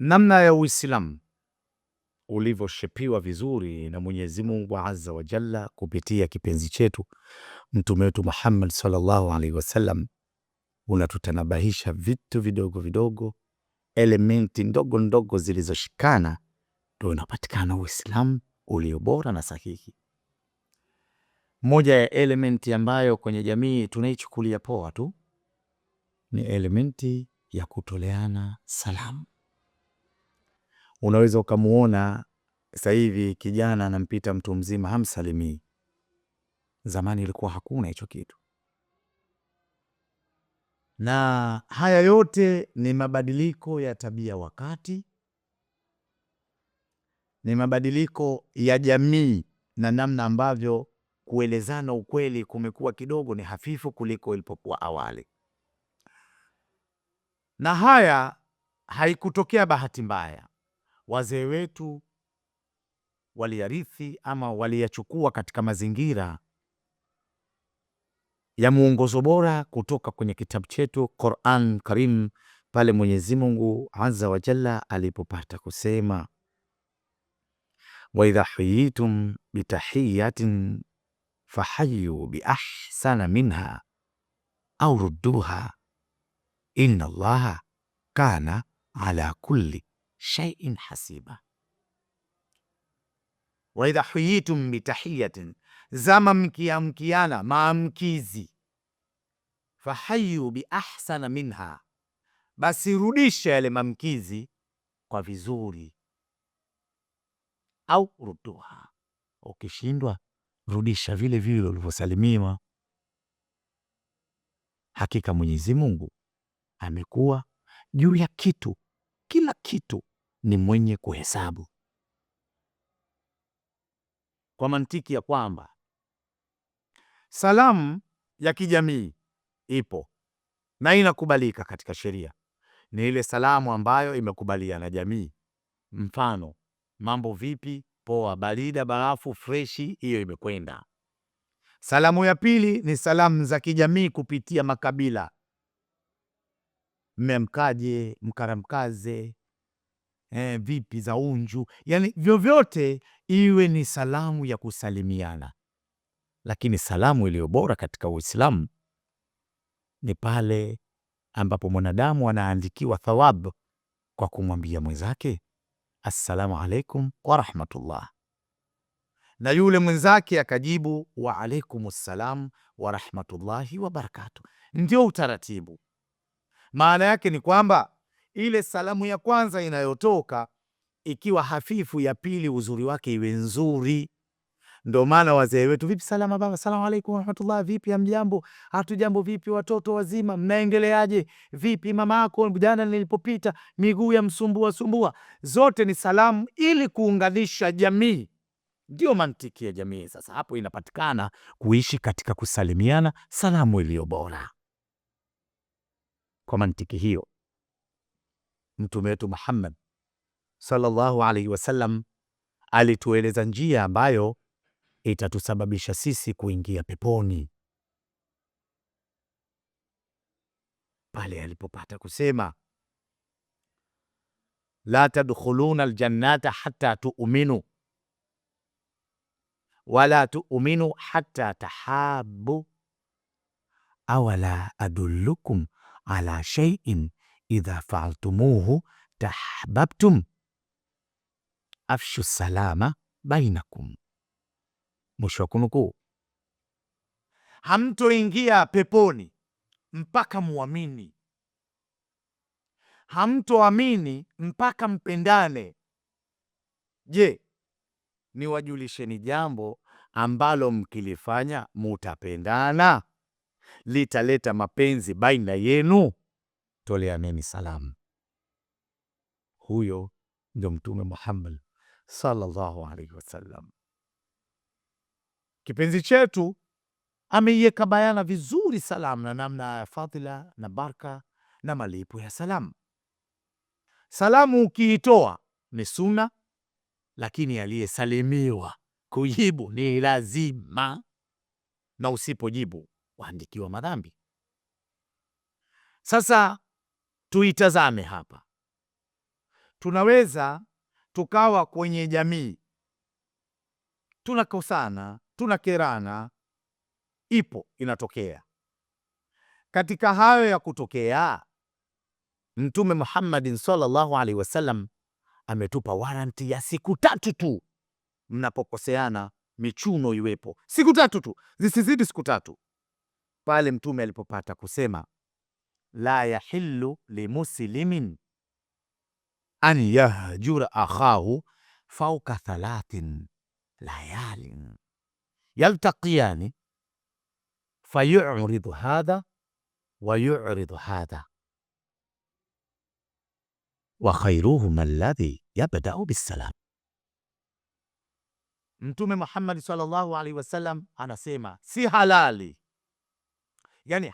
namna ya Uislamu ulivyoshepiwa vizuri na Mwenyezi Mungu Azza wa Jalla kupitia kipenzi chetu mtume wetu Muhammad sallallahu alaihi wasallam, unatutanabahisha vitu vidogo vidogo, elementi ndogo ndogo zilizoshikana, ndio unapatikana Uislamu ulio bora na sahihi. Moja ya elementi ambayo kwenye jamii tunaichukulia poa tu ni elementi ya kutoleana salamu unaweza ukamuona sasa hivi kijana anampita mtu mzima hamsalimii. Zamani ilikuwa hakuna hicho kitu, na haya yote ni mabadiliko ya tabia wakati, ni mabadiliko ya jamii na namna ambavyo kuelezana ukweli kumekuwa kidogo ni hafifu kuliko ilipokuwa awali, na haya haikutokea bahati mbaya wazee wetu waliyarithi ama waliyachukua katika mazingira ya muongozo bora kutoka kwenye kitabu chetu Quran Karim, pale Mwenyezi Mungu Azza wa Jalla alipopata kusema wa idha huyitum bitahiyatin fahayu biahsana minha au rudduha inna Allaha kana ala kulli shay'in hasiba. Wa idha huyitum bitahiyatin, zama mkiamkiana maamkizi, fahayu biahsana minha, basi rudisha yale maamkizi kwa vizuri, au ruduha. Ukishindwa rudisha vile vile ulivyosalimiwa. Hakika Mwenyezi Mungu amekuwa juu ya kitu, kila kitu ni mwenye kuhesabu, kwa mantiki ya kwamba salamu ya kijamii ipo na inakubalika katika sheria, ni ile salamu ambayo imekubalia na jamii. Mfano, mambo vipi, poa, barida, barafu, freshi, hiyo imekwenda. Salamu ya pili ni salamu za kijamii kupitia makabila, mmemkaje, mkaramkaze, eh, vipi za unju, yani vyovyote iwe ni salamu ya kusalimiana. Lakini salamu iliyo bora katika Uislamu ni pale ambapo mwanadamu anaandikiwa thawabu kwa kumwambia mwenzake assalamu alaikum wa rahmatullah, na yule mwenzake akajibu wa alaikum ssalam wa rahmatullahi wa barakatuh. Ndio utaratibu. Maana yake ni kwamba ile salamu ya kwanza inayotoka ikiwa hafifu, ya pili uzuri wake iwe nzuri. Ndo maana wazee wetu, vipi salama baba, salamu alaikum warahmatullah, vipi hamjambo, hatu jambo, vipi watoto wazima, mnaendeleaje, vipi mama yako, jana nilipopita miguu ya msumbua sumbua. Zote ni salamu ili kuunganisha jamii. Ndio mantiki ya jamii. Sasa hapo inapatikana kuishi katika kusalimiana, salamu iliyo bora. Kwa mantiki hiyo Mtume wetu Muhammad sallallahu alaihi wasallam alitueleza njia ambayo itatusababisha sisi kuingia peponi, pale alipopata kusema la tadkhuluna aljannata hatta tu'minu wala tu'minu hatta tahabu awala adullukum ala shay'in idha faaltumuhu tahbabtum afshu salama bainakum, mwisho wa kunukuu. Hamtoingia peponi mpaka muamini, hamtoamini mpaka mpendane. Je, niwajulisheni jambo ambalo mkilifanya mutapendana, litaleta mapenzi baina yenu tolea mimi salamu. Huyo ndio Mtume Muhammad sallallahu alaihi wasallam. Kipenzi chetu ameiweka bayana vizuri salamu na namna ya fadhila na baraka na malipo ya salamu. Salamu ukiitoa ni sunna, lakini aliyesalimiwa kujibu ni lazima, na usipojibu waandikiwa madhambi. Sasa tuitazame hapa. Tunaweza tukawa kwenye jamii tunakosana, tunakerana, ipo inatokea. Katika hayo ya kutokea, Mtume Muhammadin sallallahu alaihi wasallam ametupa waranti ya siku tatu tu. Mnapokoseana michuno iwepo siku tatu tu, zisizidi siku tatu. Pale mtume alipopata kusema لا يحل لمسلم أن يهجر أخاه فوق ثلاث ليال يلتقيان فيعرض هذا ويعرض هذا وخيرهما الذي يبدأ بالسلام Mtume Muhammad sallallahu alaihi wasallam anasema si halali yani